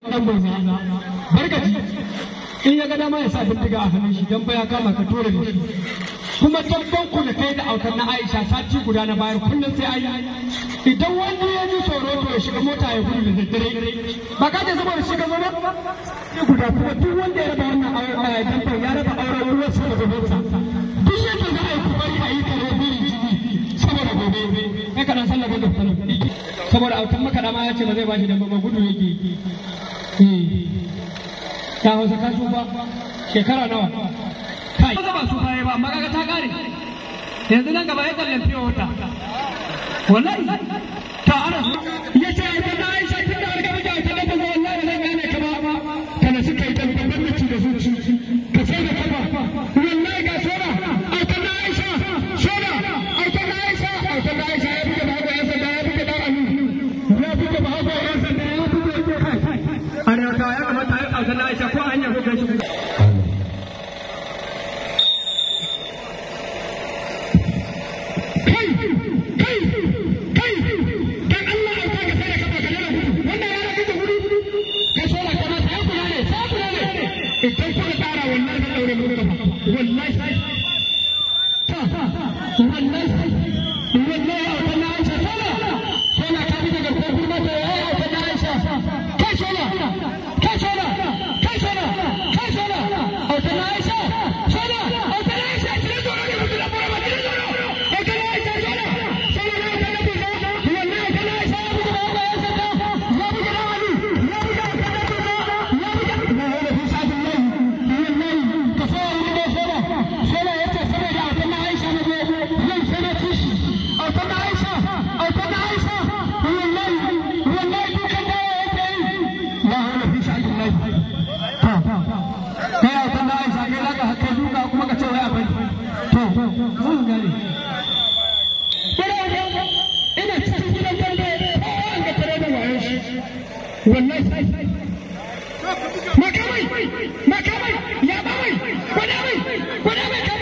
dan in ya ga dama ya sa bindiga a hannun shi dan ya kama ka tore shi kuma dabban ku da kai da autar na Aisha sati guda na bayar kullum sai ayi idan wani ya ji tsoro to ya shiga mota ya gudu da daddare ba ka ce saboda shiga zo Ya guda kuma duk wanda ya raba wannan aure auren dabban eh, ya raba auren ruwan sa da duk yadda za a yi ku bari a yi da rabin jini saboda gobe kai kana sallah ga saboda autan maka ma ya ce ba zai bashi dabba ba gudu yake ya hausa ka tsufa shekara nawa kai ba ba su ba ta kare yanzu nan gaba ya kallan fiye wata wallahi ta ana makamai makamai ya bawai gwada mai gwada mai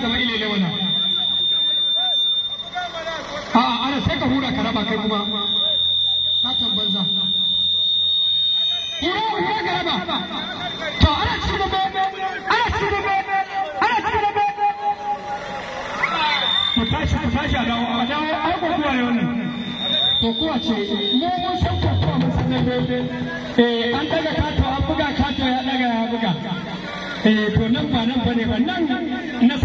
saba'in ne wannan ana sai ka hura ka raba kai kuma katon banza hura hura ka raba to ana ci gaba ana ci gaba ana ci gaba ku tashi ku tashi a dawo a dawo ai ko kuwa ne wannan to kuwa ce mu mun san ko kuwa mun san eh an daga an buga ya daga ya buga eh to nan ba nan bane ba nan na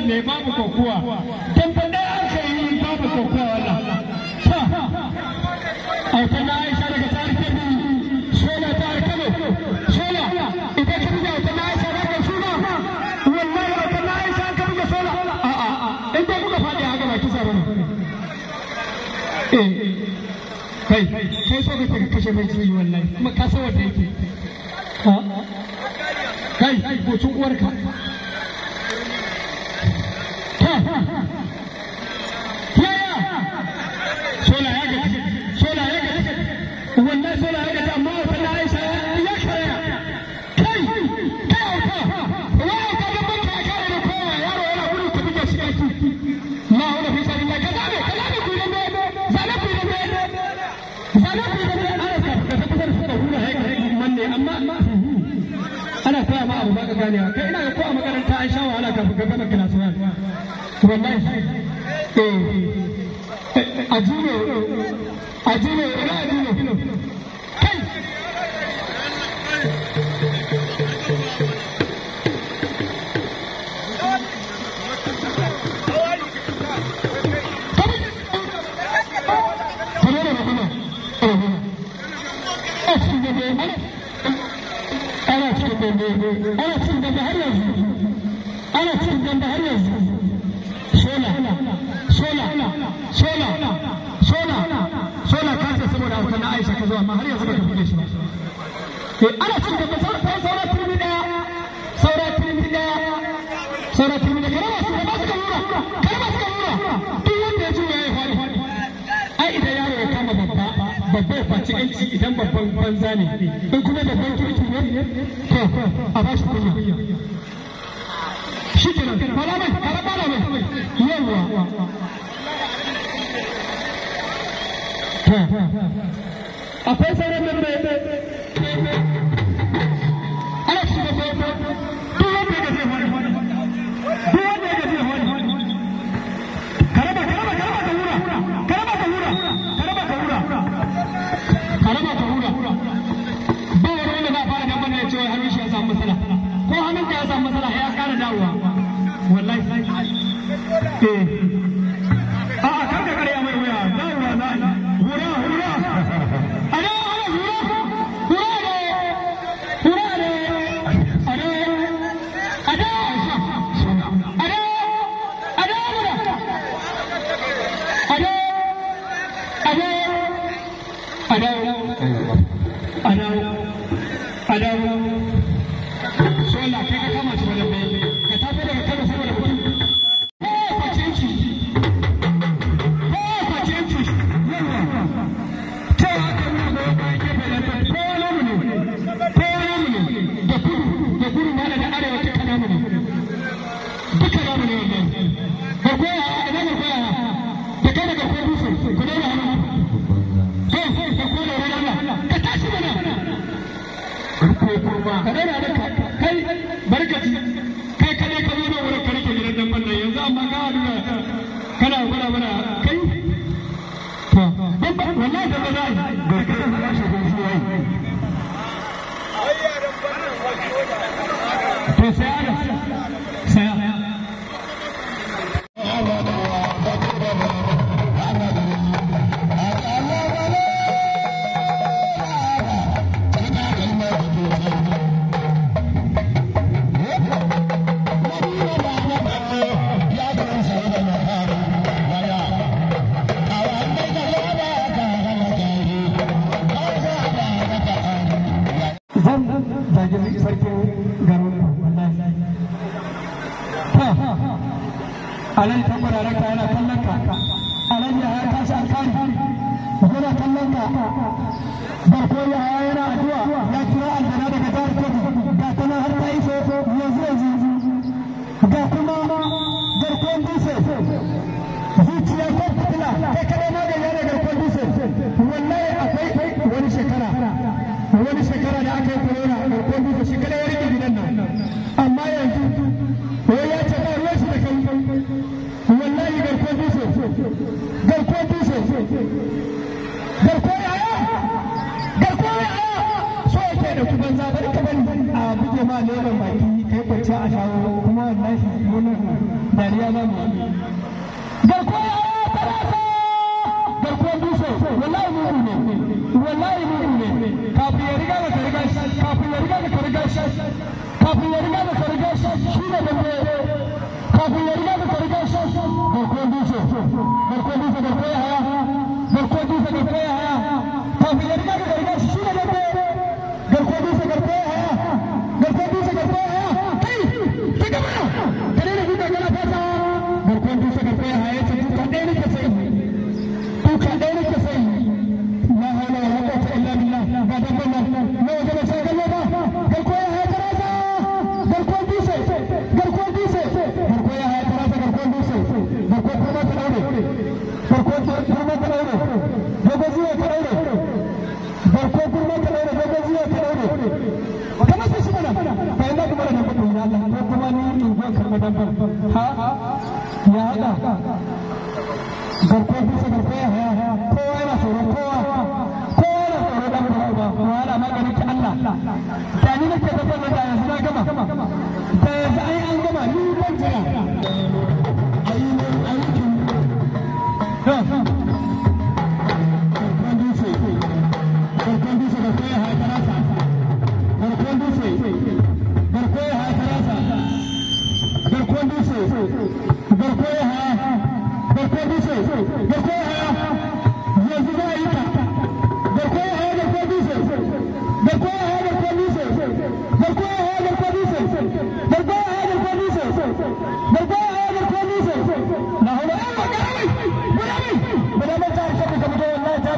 nan ne babu kokowa tambar da aka yi babu kokowa wannan autan na aisha daga tarihin sola ta alkalo sola idan ka buga autan na aisha daga suna wallahi autan na aisha ka buga sola a'a in dai buga faɗi a gaba kisa bane eh, kai kai so kake kashe mai ciwo wallahi kuma ka san wanda yake kai bocin uwarka ana koya ma abu baka ganewa kai ina ga ko a makaranta an sha wahala kafin ka gama kira suwa ana cikin dambe har yanzu ana cikin dambe har yanzu sola sola sola sola sola ka ce saboda hausa na aisha ka zuwa amma har yanzu ba ta buɗe ba babba ya yanci idan babban banza ne in kuma babban kirki ne to a ba shi kunya shi malamai mai yawa akwai sauran Seattle. Happy 这个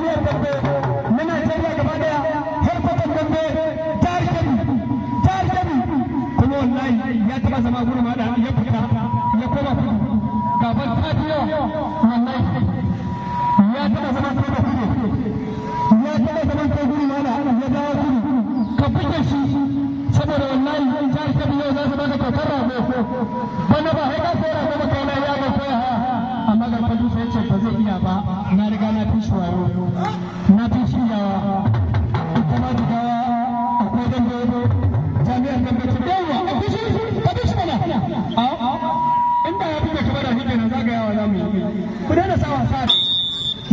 jihar Gombe na Najeriya gaba da ya fita ya koma kudu gaban ta ya taba zama kudu ya taba zama bana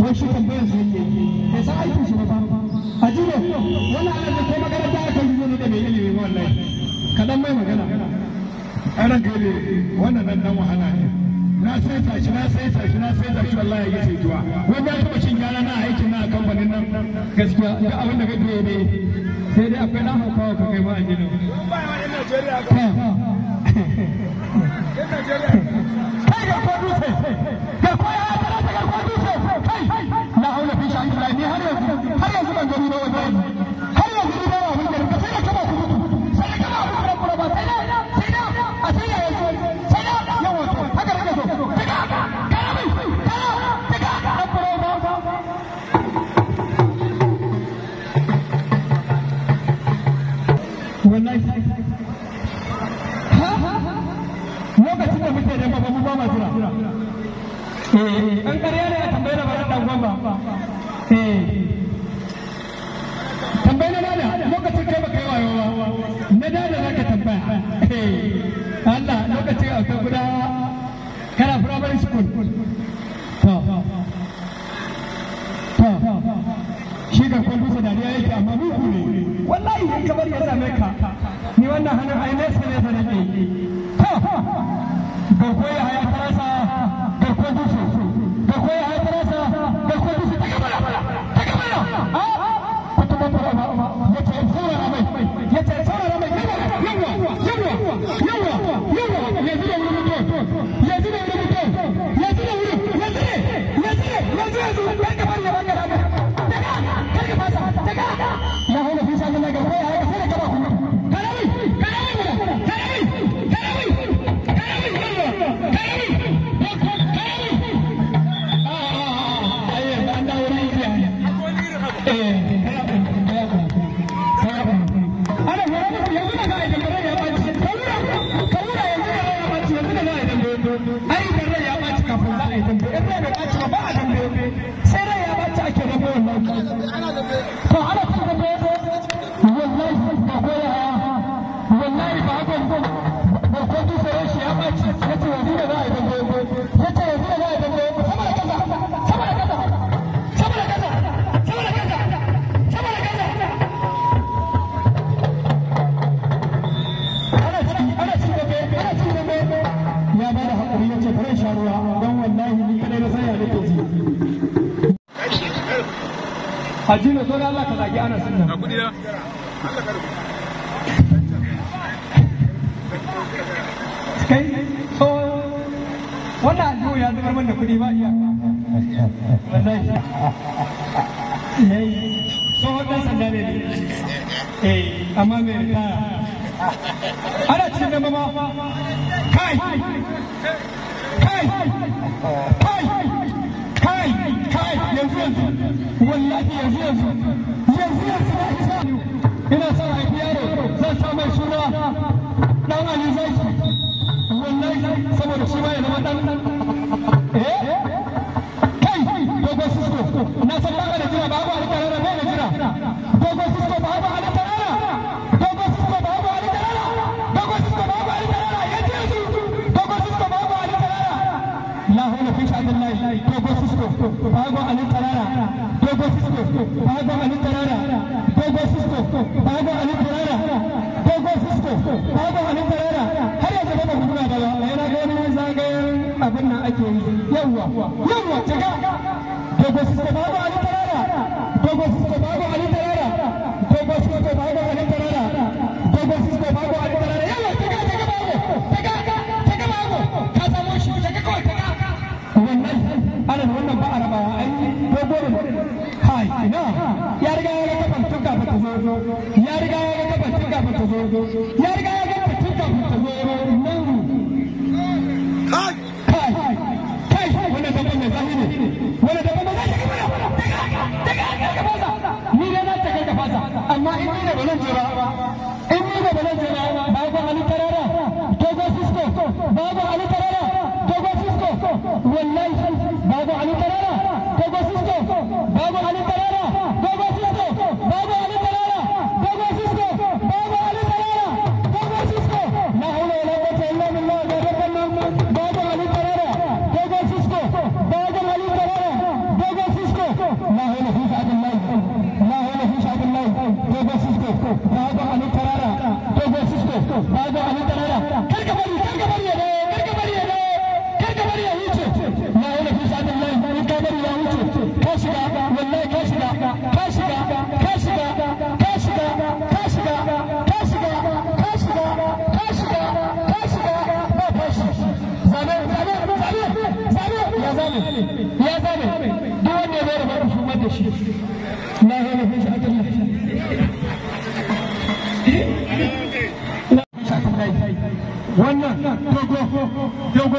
wai tambayar sai ke bai san aikin shi ba ba ana oh, da aka yi ne da mai wallahi mai magana wannan nan dan wahala ne na saita shi na saita shi na saita shi wallahi ya ce tuwa wai ba ta shin na aikin na kamfanin nan gaskiya duk abin da kake ne sai dai akwai na hauka ka kai ba a gina ba wani Najeriya ga Najeriya ga dutse ga ba kira an ƙarya ne a tambayi na baran dan gwamba eh. kai baka yi wayo na dada za eh. Allah lokacin a ta guda kana firamare school Sir, Hajjina so Allah ka zagi ana sunna. kudi Kai so wannan ya zubar da kudi ba iya. Wallahi. Yayi. So sanda ne. Eh amma me ka. Ana Kai. Kai. Kai. kai kai yanzu yanzu wallahi yanzu yanzu yanzu yanzu na isa ina son haifi yaro zan sa mai suna dan ali zai wallahi saboda shi eh? kai na san ba fusko bago alin tarara dogo fusko bago alin tarara dogo fusko bago ali tarara dogo tarara har yanzu ba da yana ga wani zagayen abin nan ake yi dogo fusko bago ali tarara dogo tarara dogo fusko bago ali tarara dogo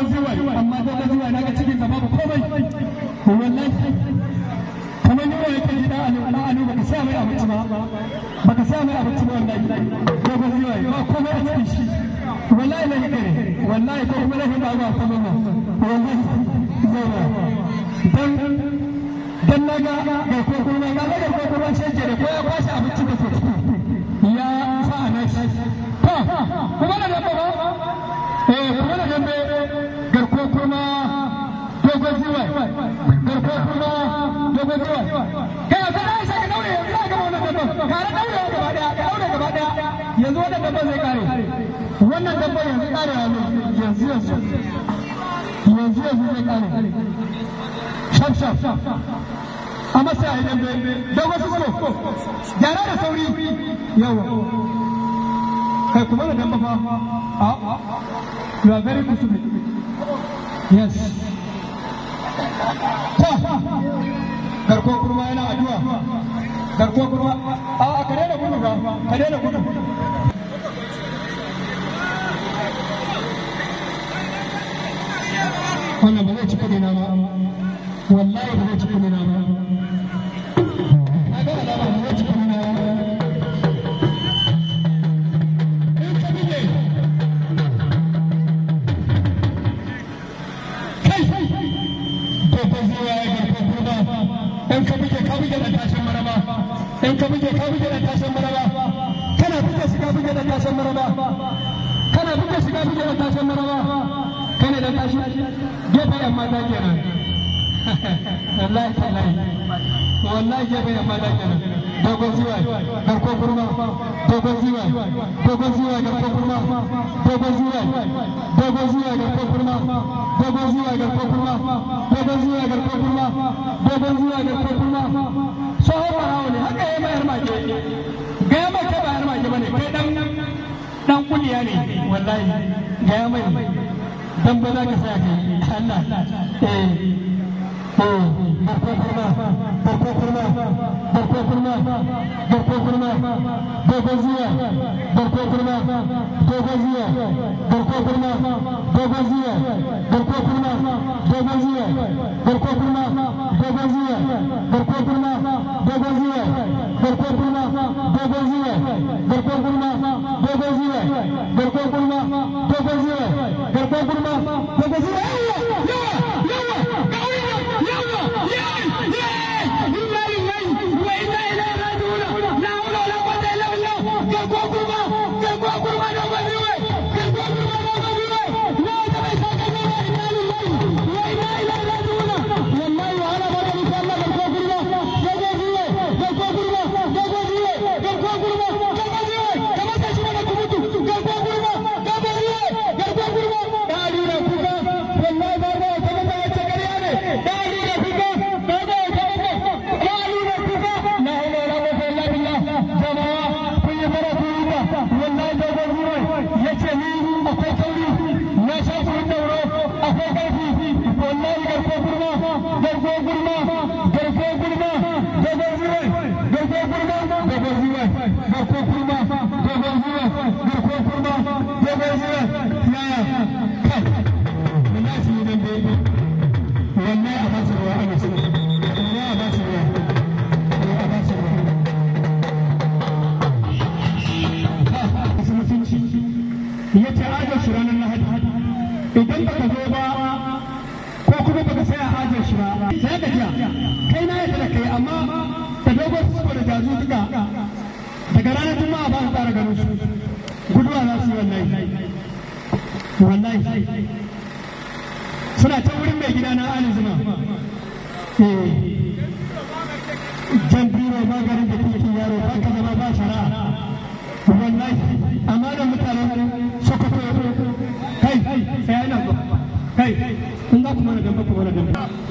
zuwa amma da na zuwa daga cikin da babu komai wallahi kamar yawa ya kai da alu ala alu baka sa mai abinci ba baka sa mai abinci ba wallahi ko ba zuwa ba komai a cikin shi wallahi na hikare wallahi ko kuma na hikare ba komai wallahi zuwa dan dan na ga da ko kuma na ga ko kuma canje da ko ya kwashi da ya sa a nashi to kuma da ba farko kuma dogon ruwan kai yanzu na isa ka a masa da da yes garko kurma yana addu'a garko kurma a ka daina gudu ka daina gudu ka shige da tashin maraba kai ne da tashi gefe yan mata kenan wallahi tallahi wallahi gefe yan ziwa ziwa ziwa ziwa ziwa ziwa ziwa gaya dan kuliya ne wallahi ga ya mai dan ba za ka sa ka Allah eh eh farko farko farko Dorpou por mim, dorpou por mim, Bogozinha, dorpou por mim, Bogozinha, dorpou por mim, Bogozinha, dorpou por mim, Bogozinha, dorpou por mim, Bogozinha, dorpou por mim, Bogozinha, dorpou por mim, Bogozinha, dorpou por mim, Bogozinha, dorpou por mim, Bogozinha, dorpou por mim, Bogozinha, yeah, yeah. Hey! saya hajar shi ba sai ka jiya kai na yadda kai amma da dogon su da jazu duka daga ranar juma'a ba su tsara ganin su guduwa za su wallahi wallahi suna ta wurin mai gida na ali zuma eh. jan biro maganin da kuke yaro ba ka zama ba shara wallahi amma da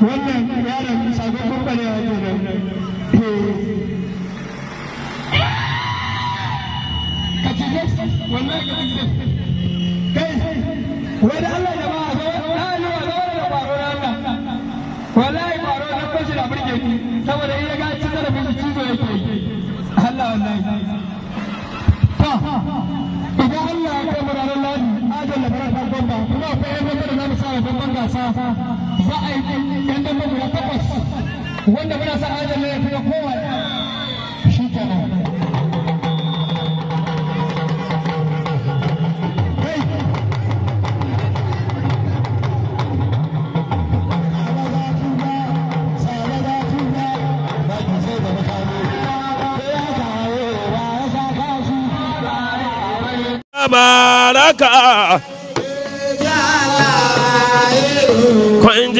wannan yaron sakamakon barewa ke nan ka ci ne wannan Allah ya ne a wani allah da ba a zo ɗani wa zaune da ƙwaro na allah wallahi ƙwaro na kwashi a burge ni saboda iya ga ci zarafin shi cizo A yi allah wallahi to idan allah ya kai mu ranar ladi ajiyar da fara ta gwamba kuma akwai yan da za sa da gwamban gasa za a yi wanda muna sa adam ne fi kowa shi kenan Baraka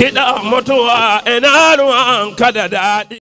kiɗa mutuwa ina ruwan kada daɗi